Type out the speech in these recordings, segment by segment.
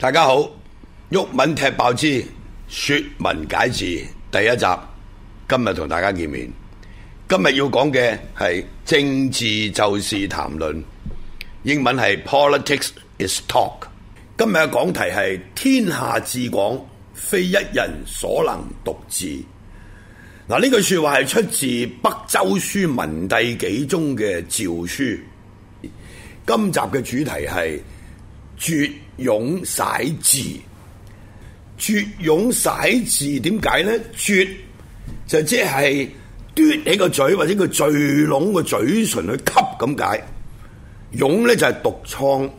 大家好，毓民踢爆之說文解字第一集，今日同大家見面。今日要講嘅係政治就是談論，英文係 Politics is Talk。今日嘅講題係天下至廣，非一人所能獨自。嗱，呢句說話係出自北周書文帝紀中嘅詔書。今集嘅主題係，絕涌使字，絕涌使字點解呢？絕就即係嘟起個嘴，或者個聚攏個嘴唇去吸咁解。涌呢，就係、是、毒瘡，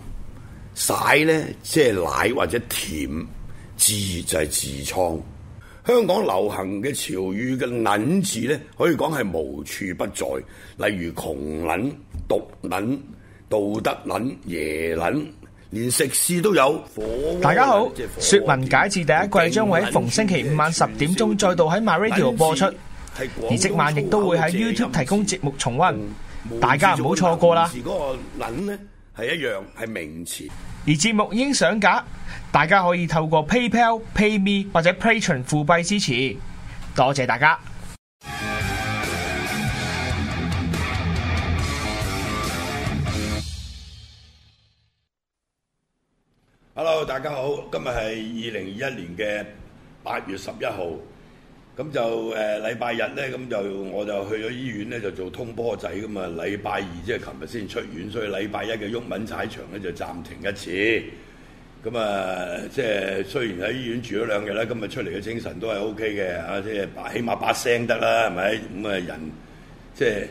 使呢，即係奶或者甜，痔就係痔瘡。香港流行嘅潮語嘅捻字咧，可以講係無處不在。例如窮捻、毒捻、道德捻、耶捻。連食肆都有。大家好，《說文解字》第一季將會逢星期五晚十點鐘再度喺 MyRadio 播出，而即晚亦都會喺 YouTube 提供節目重溫。大家唔好錯過啦！而節目已經上架，大家可以透過 PayPal、PayMe 或者 Patreon 付費支持，多謝大家。Hello，大家好，今日係二零二一年嘅八月十一號，咁就誒禮拜日咧，咁就我就去咗醫院咧，就做通波仔，咁啊禮拜二即係琴日先出院，所以禮拜一嘅毓民踩場咧就暫停一次，咁啊即係雖然喺醫院住咗兩日啦，今日出嚟嘅精神都係 O K 嘅，啊即係起碼把聲得啦，係咪？咁啊人即係。就是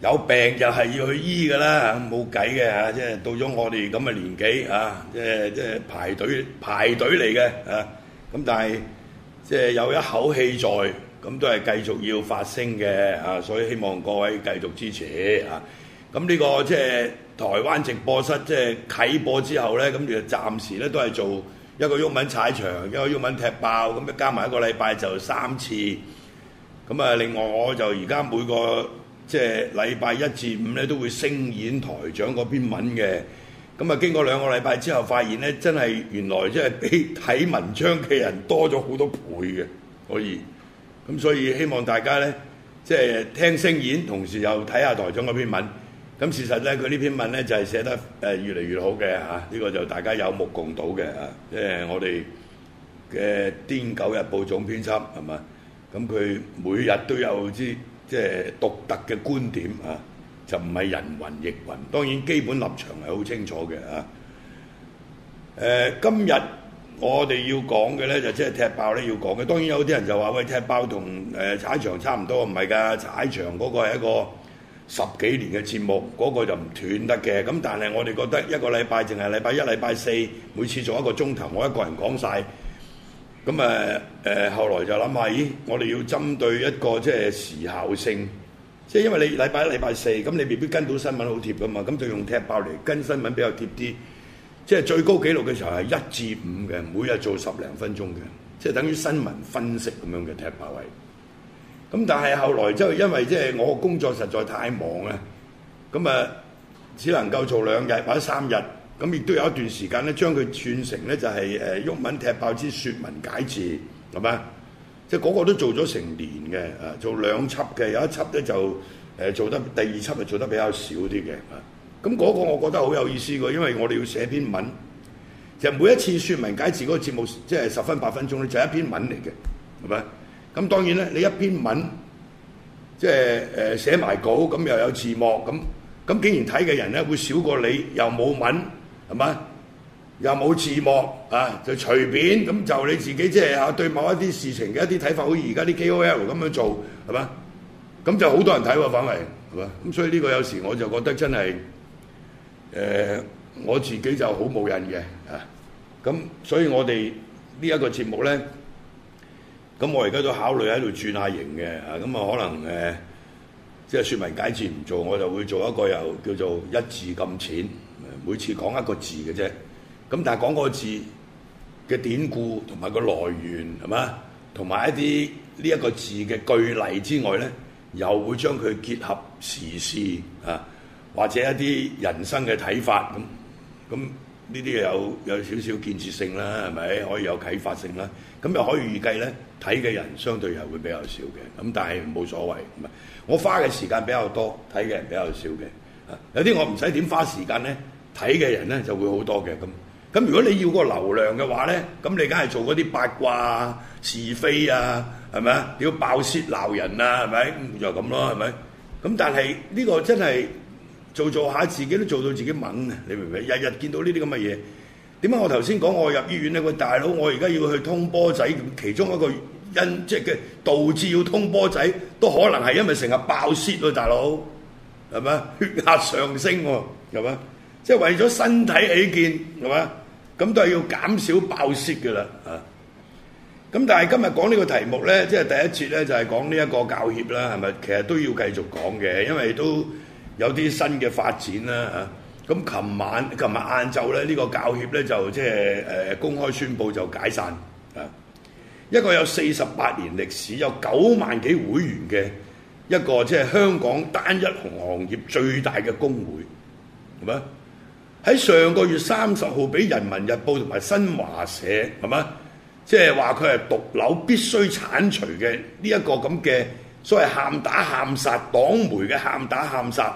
有病就係要去醫㗎啦，冇計嘅嚇，即係到咗我哋咁嘅年紀嚇，即係即係排隊排隊嚟嘅嚇。咁但係即係有一口氣在，咁都係繼續要發聲嘅嚇。所以希望各位繼續支持嚇。咁、啊、呢、呢個即係台灣直播室即係啟播之後呢，咁就暫時咧都係做一個毓民踩場，一個毓民踢爆咁，加埋一個禮拜就三次。咁啊，另外我就而家每個。即係禮拜一至五咧都會聲演台長嗰篇文嘅，咁啊經過兩個禮拜之後，發現咧真係原來即係比睇文章嘅人多咗好多倍嘅，可以，咁所以希望大家咧即係聽聲演，同時又睇下台長嗰篇文。咁事實咧，佢呢篇文咧就係、是、寫得誒越嚟越好嘅嚇，呢、啊這個就大家有目共睹嘅嚇、啊。即係我哋嘅《癲狗日報》總編輯係嘛，咁佢每日都有知。即係獨特嘅觀點啊，就唔係人云亦云。當然基本立場係好清楚嘅啊。今日我哋要講嘅呢，就即係踢爆呢要講嘅。當然有啲人就話喂，踢爆同呃、踩場差唔多，唔係㗎，踩場嗰個係一個十幾年嘅節目，嗰個就唔斷得嘅。咁但係我哋覺得一個禮拜淨係禮拜一、禮拜四，每次做一個鐘頭，我一個人講晒。咁誒誒，後來就諗下，咦？我哋要針對一個即係時效性，即係因為你禮拜一、禮拜四，咁你未必跟到新聞好貼噶嘛，咁就用踢爆嚟跟新聞比較貼啲。即係最高紀錄嘅時候係一至五嘅，每日做十零分鐘嘅，即係等於新聞分析咁樣嘅踢爆位。咁但係後來即係因為即係我工作實在太忙啊，咁誒只能夠做兩日或者三日。咁亦都有一段時間咧，將佢串成咧就係誒毓民踢爆之説文解字，係咪？即係嗰個都做咗成年嘅，誒做兩輯嘅，有一輯咧就誒做得第二輯，就做得比較少啲嘅。咁嗰個我覺得好有意思嘅，因為我哋要寫篇文，就係每一次説文解字嗰個節目，即係十分八分鐘咧，就一篇文嚟嘅，係咪？咁當然咧，你一篇文，即係誒寫埋稿，咁又有字幕，咁咁竟然睇嘅人咧會少過你，又冇文。係嘛？又冇字幕啊，就隨便咁就你自己即係嚇對某一啲事情嘅一啲睇法，好似而家啲 KOL 咁樣做係嘛？咁就好多人睇喎，反為係嘛？咁所以呢個有時我就覺得真係誒、呃、我自己就好冇癮嘅啊！咁所以我哋呢一個節目咧，咁我而家都考慮喺度轉下型嘅啊！咁啊可能誒即係說文解字唔做，我就會做一個又叫做一字咁淺。每次講一個字嘅啫，咁但係講個字嘅典故同埋個來源係嘛，同埋一啲呢一個字嘅句例之外呢，又會將佢結合時事啊，或者一啲人生嘅睇法咁，咁呢啲有有少少建設性啦，係咪可以有啟發性啦？咁、啊、又、啊、可以預計呢睇嘅人相對又會比較少嘅，咁、啊、但係冇所謂，唔係我花嘅時間比較多，睇嘅人比較少嘅、啊，有啲我唔使點花時間呢。睇嘅人咧就會好多嘅咁，咁如果你要個流量嘅話咧，咁你梗係做嗰啲八卦啊、是非啊，係咪啊？屌爆雪鬧人啊，係咪？就咁、是、咯，係咪？咁但係呢、這個真係做做下自己都做到自己猛啊！你明唔明？日日見到呢啲咁嘅嘢，點解我頭先講我入醫院咧？個大佬我而家要去通波仔，其中一個因即係嘅導致要通波仔，都可能係因為成日爆雪啊，大佬係咪？血壓上升喎、啊，係咪？即係為咗身體起見，係嘛？咁都係要減少爆蝕嘅啦，啊！咁但係今日講呢個題目咧，即係第一節咧就係講呢一個教協啦，係咪？其實都要繼續講嘅，因為都有啲新嘅發展啦，啊！咁、嗯、琴晚琴日晏晝咧，呢、這個教協咧就即係誒公開宣布就解散啊！一個有四十八年歷史、有九萬幾會員嘅一個即係、就是、香港單一行，行業最大嘅工會，係咪？喺上個月三十號，俾《人民日報》同埋《新華社》，係咪？即係話佢係毒瘤必須剷除嘅呢一個咁嘅所謂喊打喊殺黨媒嘅喊打喊殺，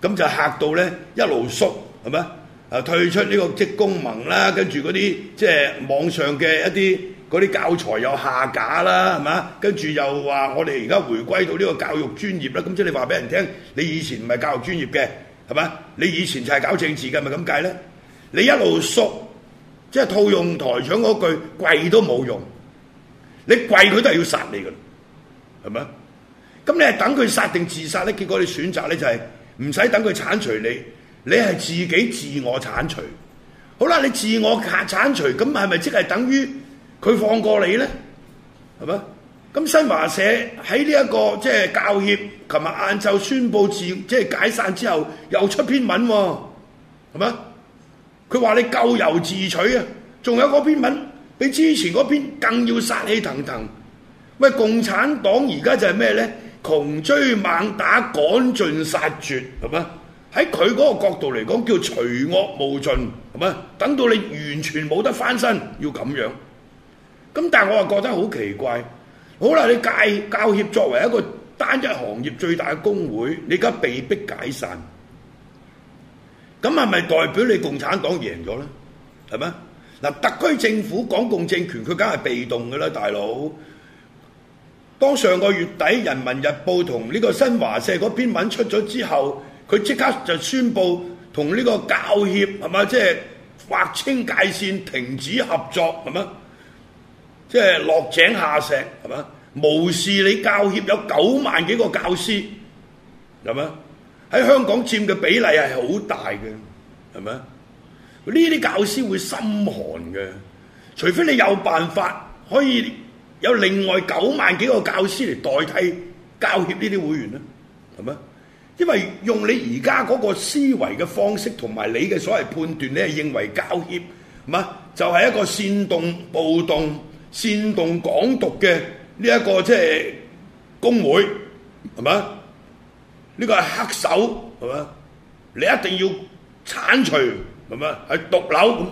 咁就嚇到呢一路縮，係咪？啊，退出呢個職工盟啦，跟住嗰啲即係網上嘅一啲嗰啲教材又下架啦，係咪？跟住又話我哋而家回歸到呢個教育專業啦，咁即係你話俾人聽，你以前唔係教育專業嘅。係嘛？你以前就係搞政治嘅，咪咁計咧？你一路縮，即係套用台長嗰句，跪都冇用。你跪佢都係要殺你㗎，係嘛？咁你係等佢殺定自殺咧？結果你選擇咧就係唔使等佢鏟除你，你係自己自我鏟除。好啦，你自我鏟鏟除，咁係咪即係等於佢放過你咧？係咪？咁新華社喺呢一個、即係、教協琴日晏晝宣佈解散之後，又出篇文喎，哦，係咪？佢話你咎由自取啊！仲有嗰篇文比之前嗰篇更要殺氣騰騰。喂，共產黨而家就係咩咧？窮追猛打，趕盡殺絕，係咪？喺佢嗰個角度嚟講，叫除惡務盡，係咪？等到你完全冇得翻身，要咁樣。咁但係我又覺得好奇怪。好啦，你教教協作為一個單一行業最大嘅工會，你而家被迫解散，咁係咪代表你共產黨贏咗咧？係咪？嗱，特區政府港共政權佢梗係被動嘅啦，大佬。當上個月底《人民日報》同呢個新華社嗰篇文出咗之後，佢即刻就宣布同呢個教協係嘛，即係劃清界線，停止合作，係咪？即係落井下石，係嘛？無視你教協有九萬幾個教師，係咪？喺香港佔嘅比例係好大嘅，係咪？呢啲教師會心寒嘅，除非你有辦法可以有另外九萬幾個教師嚟代替教協呢啲會員啦，係咪？因為用你而家嗰個思維嘅方式同埋你嘅所謂判斷，你係認為教協係嘛就係一個煽動暴動。煽動港獨嘅呢一個即係工會係嘛？呢個係黑手係嘛？你一定要鏟除係嘛？係毒瘤咁，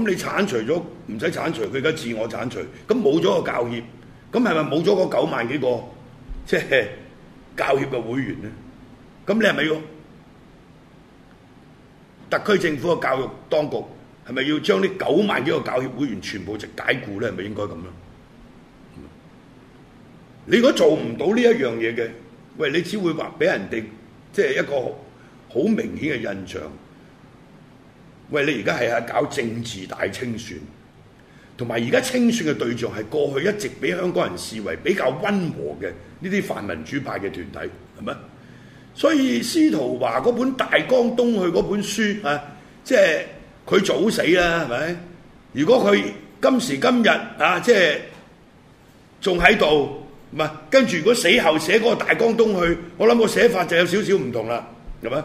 咁你鏟除咗，唔使鏟除佢而家自我鏟除，咁冇咗個教協，咁係咪冇咗個九萬幾個即係教協嘅會員咧？咁你係咪要特區政府嘅教育當局？係咪要將呢九萬幾個教協會員全部直解雇咧？係咪應該咁樣？你如果做唔到呢一樣嘢嘅，喂，你只會話俾人哋即係一個好明顯嘅印象。喂，你而家係啊搞政治大清算，同埋而家清算嘅對象係過去一直俾香港人視為比較温和嘅呢啲泛民主派嘅團體，係咪？所以司徒華嗰本《大江東去》嗰本書啊，即係。佢早死啦，係咪？如果佢今時今日啊，即係仲喺度，唔係跟住如果死後寫嗰個大江東去，我諗個寫法就有少少唔同啦，係咪？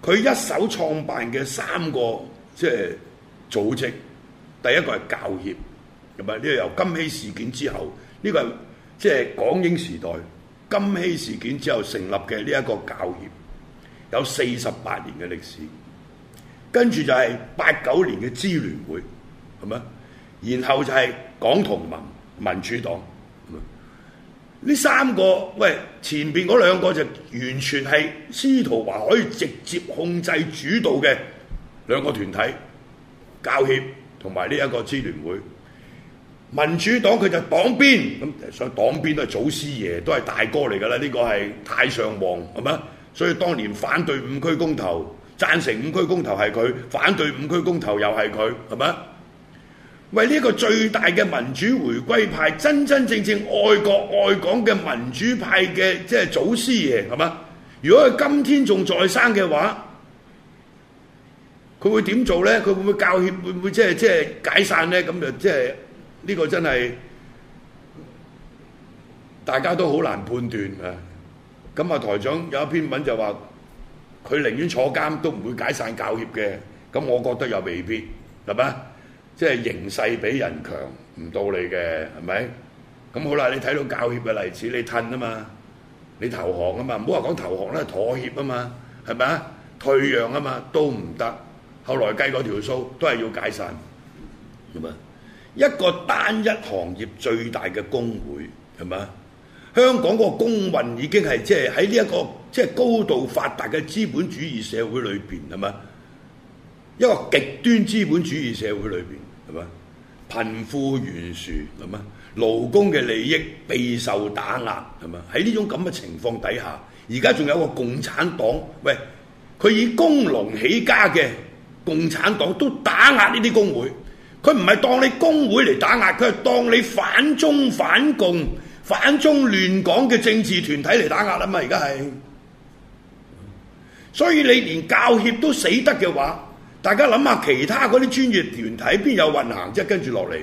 佢一手創辦嘅三個即係組織，第一個係教協，咁啊呢個由金禧事件之後，呢個係即係港英時代金禧事件之後成立嘅呢一個教協，有四十八年嘅歷史。跟住就係八九年嘅支聯會，係咪？然後就係港同盟、民主黨，呢三個，喂，前邊嗰兩個就完全係司徒華可以直接控制主導嘅兩個團體，教協同埋呢一個支聯會，民主黨佢就黨鞭咁，所以黨鞭都係祖師爺，都係大哥嚟㗎啦。呢、這個係太上皇係咪？所以當年反對五區公投。贊成五區公投係佢，反對五區公投又係佢，係咪？喂，呢個最大嘅民主回歸派，真真正正愛國愛港嘅民主派嘅即係祖師爺，係咪？如果佢今天仲在生嘅話，佢會點做呢？佢會唔會教協？會唔會即係即係解散呢？咁就即係呢個真係大家都好難判斷啊！咁啊，台長有一篇文就話。佢寧願坐監都唔會解散教協嘅，咁我覺得又未必，係咪？即係形勢比人強唔到你嘅，係咪？咁好啦，你睇到教協嘅例子，你吞啊嘛，你投降啊嘛，唔好話講投降啦，妥協啊嘛，係咪？退讓啊嘛，都唔得。後來計嗰條數都係要解散，係咪？一個單一行業最大嘅工會，係咪？香港個工運已經係即係喺呢一個即係高度發達嘅資本主義社會裏邊係嘛？一個極端資本主義社會裏邊係嘛？貧富懸殊係嘛？勞工嘅利益備受打壓係嘛？喺呢種咁嘅情況底下，而家仲有個共產黨，喂，佢以工農起家嘅共產黨都打壓呢啲工會，佢唔係當你工會嚟打壓，佢係當你反中反共。反中亂港嘅政治團體嚟打壓啦嘛，而家係，所以你連教協都死得嘅話，大家諗下其他嗰啲專業團體邊有運行？即係？跟住落嚟，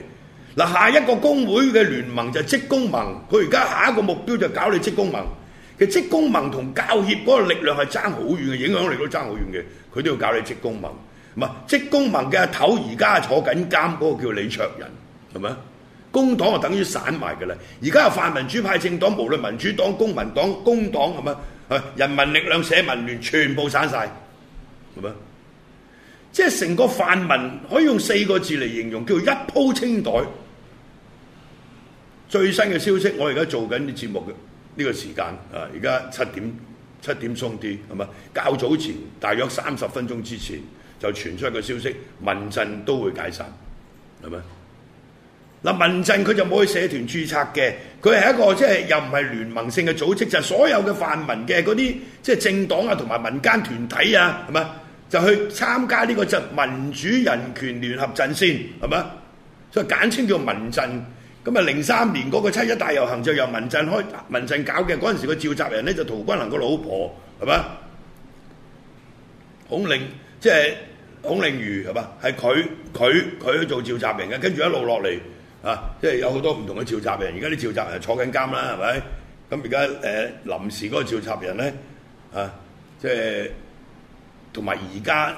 嗱，下一個工會嘅聯盟就係職工盟，佢而家下一個目標就搞你職工盟。其實職工盟同教協嗰個力量係爭好遠嘅，影響力都爭好遠嘅，佢都要搞你職工盟。唔係職工盟嘅頭而家坐緊監，嗰個叫李卓人，係咪啊？工黨就等於散埋嘅啦，而家嘅泛民主派政黨，無論民主黨、公民黨、工黨咁啊，人民力量、社民聯全部散晒，係咪？即係成個泛民可以用四個字嚟形容，叫一鋪清袋。最新嘅消息，我而家做緊啲節目嘅呢個時間啊，而家七點七點鬆啲係咪？較早前大約三十分鐘之前就傳出一個消息，民陣都會解散，係咪？嗱，民陣佢就冇去社團註冊嘅，佢係一個即係又唔係聯盟性嘅組織，就所有嘅泛民嘅嗰啲即係政黨啊，同埋民間團體啊，係嘛，就去參加呢個就民主人權聯合陣線，係嘛，所以簡稱叫民陣。咁啊，零三年嗰個七一大遊行就由民陣開，民陣搞嘅嗰陣時個召集人咧就陶君行個老婆，係嘛，孔令即係孔令瑜，係嘛，係佢佢佢去做召集人嘅，跟住一路落嚟。啊！即係有好多唔同嘅召集人，而家啲召集人坐緊監啦，係咪？咁而家誒臨時嗰個召集人咧，啊！即係同埋而家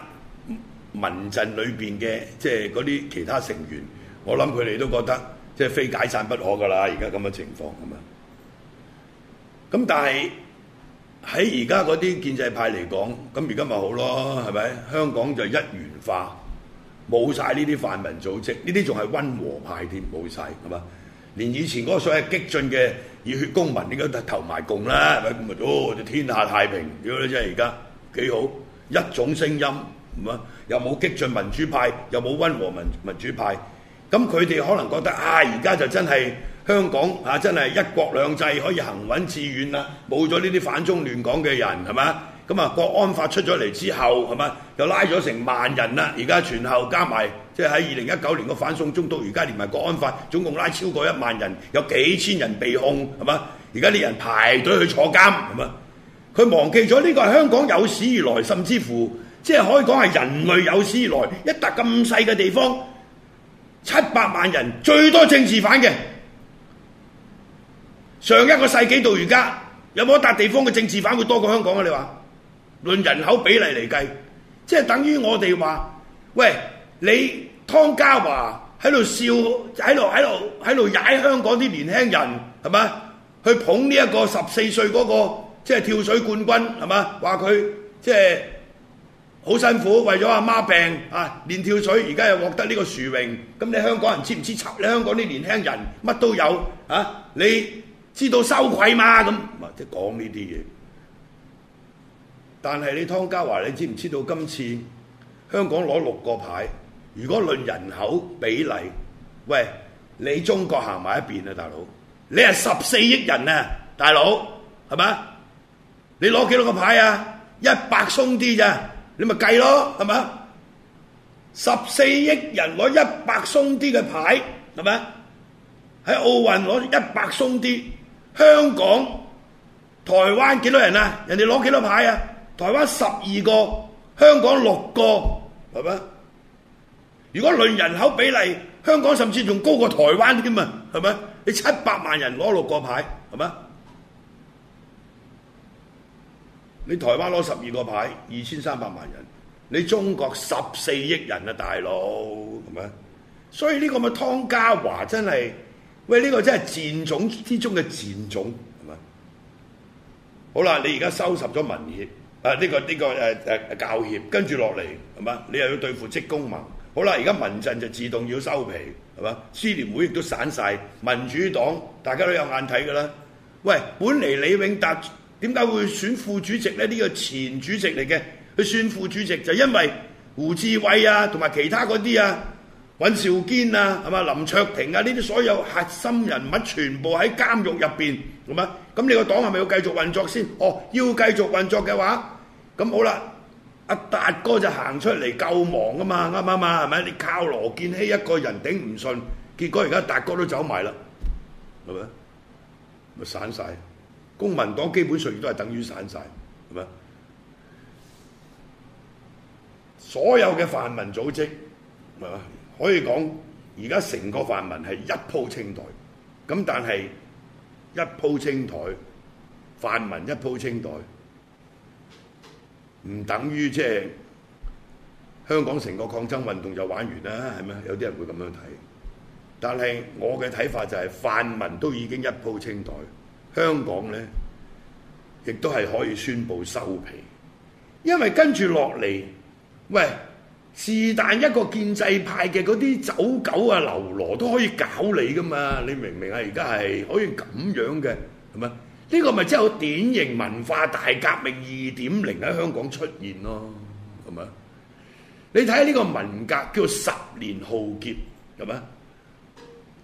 民陣裏邊嘅即係嗰啲其他成員，我諗佢哋都覺得即係非解散不可㗎啦！而家咁嘅情況咁啊！咁但係喺而家嗰啲建制派嚟講，咁而家咪好咯，係咪？香港就一元化。冇晒呢啲泛民組織，呢啲仲係溫和派添，冇晒，係嘛？連以前嗰個所謂激進嘅熱血公民，應該都投埋共啦，係咪？哦，就天下太平，屌你真係而家幾好，一種聲音，係嘛？又冇激進民主派，又冇溫和民民主派，咁佢哋可能覺得啊，而家就真係香港啊，真係一國兩制可以行穩致遠啦，冇咗呢啲反中亂港嘅人，係嘛？咁啊，國安法出咗嚟之後，係嘛？又拉咗成萬人啦！而家全後加埋，即係喺二零一九年嘅反送中到而家，現在連埋國安法總共拉超過一萬人，有幾千人被控，係嘛？而家啲人排隊去坐監，係嘛？佢忘記咗呢、這個香港有史以來，甚至乎即係可以講係人類有史以來一笪咁細嘅地方，七百萬人最多政治犯嘅。上一個世紀到而家，有冇一笪地方嘅政治犯會多過香港啊？你話？論人口比例嚟計，即係等於我哋話，喂，你湯家驊喺度笑，喺度喺度喺度踩香港啲年輕人，係咪啊？去捧呢一個十四歲嗰、那個即係跳水冠軍，係咪啊？話佢即係好辛苦，為咗阿媽，媽病啊，練跳水，而家又獲得呢個殊榮。咁你香港人知唔知？你香港啲年輕人乜都有啊？你知道羞愧嘛？咁即係講呢啲嘢。但係你湯家驊，你知唔知道今次香港攞六個牌？如果論人口比例，喂，你中國行埋一邊啊，大佬！你係十四億人啊，大佬，係嘛？你攞幾多個牌啊？一百鬆啲咋？你咪計咯，係嘛？十四億人攞一百鬆啲嘅牌，係咪？喺奧運攞一百鬆啲，香港、台灣幾多人啊？人哋攞幾多牌啊？台灣十二個，香港六個，係咪？如果論人口比例，香港甚至仲高過台灣添啊，係咪？你七百萬人攞六個牌，係咪？你台灣攞十二個牌，二千三百萬人，你中國十四億人啊，大佬，係咪？所以呢個咪湯家驊真係，喂，呢個真係賤種之中嘅賤種，係咪？好啦，你而家收拾咗民協。啊！呢、這個呢、這個誒誒、呃、教協跟住落嚟係嘛？你又要對付職工盟，好啦！而家民陣就自動要收皮係嘛？支聯會亦都散晒，民主黨大家都有眼睇㗎啦。喂，本嚟李永達點解會選副主席咧？呢、這個前主席嚟嘅，佢選副主席就因為胡志偉啊，同埋其他嗰啲啊，尹兆堅啊，係嘛？林卓廷啊，呢啲所有核心人物全部喺監獄入邊係嘛？咁你個黨係咪要繼續運作先？哦，要繼續運作嘅話。咁好啦，阿達哥就行出嚟救亡啊嘛，啱啱啊？係咪？你靠羅建熙一個人頂唔順，結果而家達哥都走埋啦，係咪？咪散晒，公民黨基本上都係等於散晒，係咪？所有嘅泛民組織，係嘛？可以講而家成個泛民係一舖清袋，咁但係一舖清袋，泛民一舖清袋。唔等於即係香港成個抗爭運動就玩完啦，係咪？有啲人會咁樣睇，但係我嘅睇法就係泛民都已經一鋪清袋，香港呢亦都係可以宣布收皮，因為跟住落嚟，喂，是但一個建制派嘅嗰啲走狗啊、流羅都可以搞你噶嘛，你明唔明呀？而家係可以咁樣嘅，係咪？呢個咪真係典型文化大革命二點零喺香港出現咯，係咪？你睇呢個文革叫十年浩劫，係咪？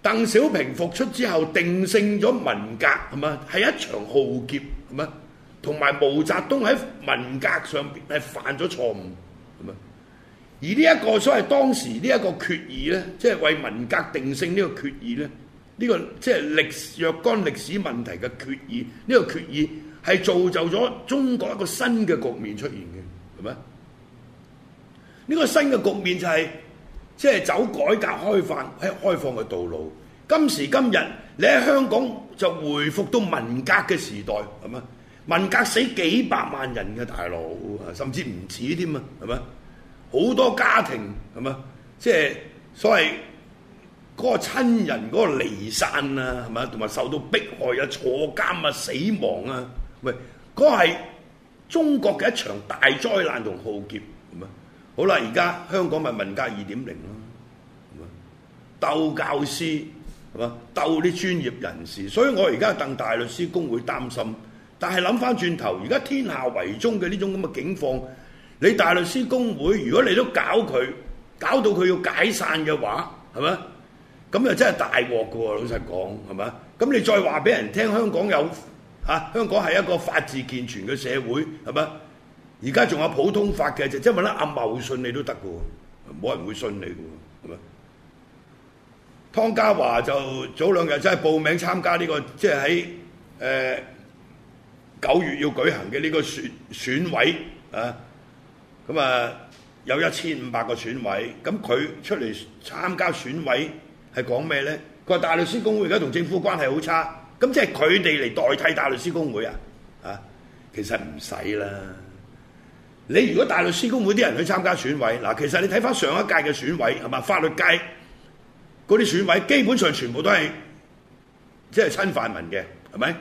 鄧小平復出之後定性咗文革，係咪？係一場浩劫，係咪？同埋毛澤東喺文革上邊係犯咗錯誤，係咪？而呢一個所謂當時呢一個決議呢，即係為文革定性呢個決議呢。呢個即係歷若干歷史問題嘅決議，呢個決議係造就咗中國一個新嘅局面出現嘅，係咪？呢個新嘅局面就係即係走改革開放喺開放嘅道路。今時今日，你喺香港就回復到文革嘅時代，係咪？文革死幾百萬人嘅大佬，甚至唔止添啊，係咪？好多家庭，係咪？即係所謂。嗰個親人嗰個離散啊，係嘛？同埋受到迫害啊、坐監啊、死亡啊，喂！嗰個係中國嘅一場大災難同浩劫，係嘛？好啦，而家香港咪文革二點零咯，鬥教師係嘛？鬥啲專業人士，所以我而家鄧大律師公會擔心。但係諗翻轉頭，而家天下為中嘅呢種咁嘅境況，你大律師公會如果你都搞佢，搞到佢要解散嘅話，係咪？咁又真係大鑊噶喎！老實講，係咪啊？咁你再話俾人聽，香港有嚇、啊，香港係一個法治健全嘅社會，係咪啊？而家仲有普通法嘅就即係問咧，阿茂會信你都得噶喎，冇人會信你噶喎，係咪啊？湯家驊就早兩日真係報名參加呢個，即係喺誒九月要舉行嘅呢個選選委啊，咁啊有一千五百個選委，咁佢出嚟參加選委。係講咩呢？佢話大律師公會而家同政府關係好差，咁即係佢哋嚟代替大律師公會啊？啊，其實唔使啦。你如果大律師公會啲人去參加選委，嗱，其實你睇翻上一屆嘅選委係嘛法律界嗰啲選委，基本上全部都係即係親泛民嘅，係咪？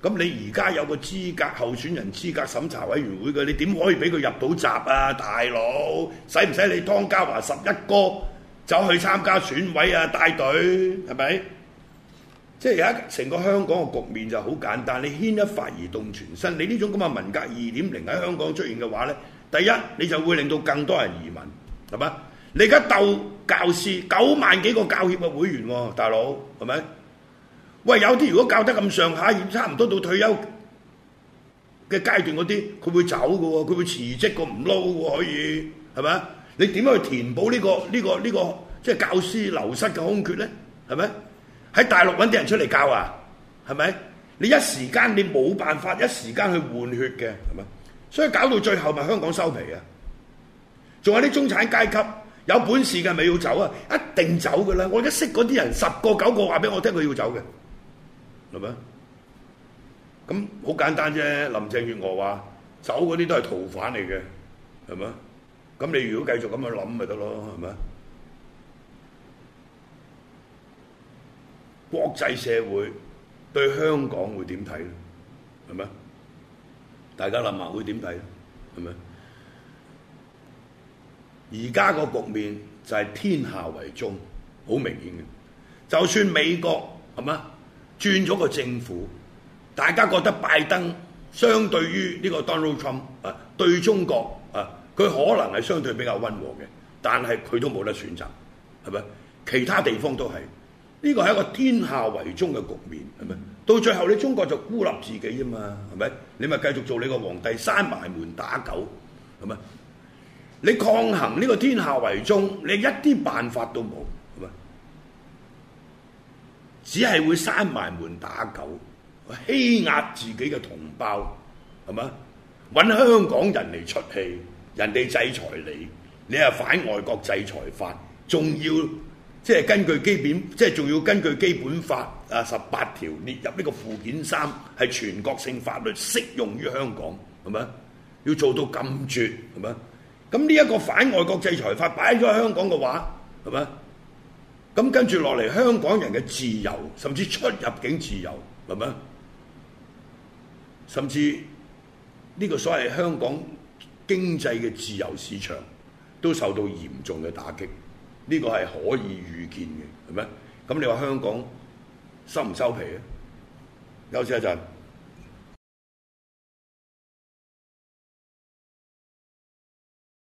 咁你而家有個資格候選人資格審查委員會嘅，你點可以俾佢入到閘啊，大佬？使唔使你湯家驊十一哥？走去參加選委啊，帶隊係咪？即係而家成個香港嘅局面就好簡單，你牽一髮而動全身。你呢種咁嘅文革二點零喺香港出現嘅話咧，第一你就會令到更多人移民係嘛？你而家鬥教師九萬幾個教協嘅會員喎、啊，大佬係咪？喂，有啲如果教得咁上下，差唔多到退休嘅階段嗰啲，佢會走嘅喎、啊，佢會辭職個唔撈喎，可以係咪？你點樣去填補呢個呢個呢個即係教師流失嘅空缺咧？係咪喺大陸揾啲人出嚟教啊？係咪？你一時間你冇辦法一時間去換血嘅係咪？所以搞到最後咪香港收皮啊！仲有啲中產階級有本事嘅咪要走啊！一定走嘅啦！我而家識嗰啲人十個九個話俾我聽佢要走嘅，係咪？咁好簡單啫！林鄭月娥話走嗰啲都係逃犯嚟嘅，係咪？咁你如果繼續咁樣諗咪得咯，係咪啊？國際社會對香港會點睇咧？係咪啊？大家諗下會點睇咧？係咪啊？而家個局面就係天下圍中，好明顯嘅。就算美國係咪啊？轉咗個政府，大家覺得拜登相對於呢個 Donald Trump 啊，對中國？佢可能係相對比較溫和嘅，但係佢都冇得選擇，係咪？其他地方都係，呢個係一個天下為中嘅局面，係咪？到最後你中國就孤立自己啊嘛，係咪？你咪繼續做你個皇帝，閂埋門打狗，係咪？你抗衡呢個天下為中，你一啲辦法都冇，係咪？只係會閂埋門打狗，欺壓自己嘅同胞，係咪？搵香港人嚟出氣。人哋制裁你，你係反外國制裁法，仲要即係根據基本，即係仲要根據基本法啊十八條列入呢個附件三，係全國性法律適用於香港，係咪？要做到咁絕，係咪？咁呢一個反外國制裁法擺咗香港嘅話，係咪？咁跟住落嚟，香港人嘅自由，甚至出入境自由，係咪？甚至呢個所謂香港。經濟嘅自由市場都受到嚴重嘅打擊，呢個係可以預見嘅，係咪？咁你話香港收唔收皮？休息一陣。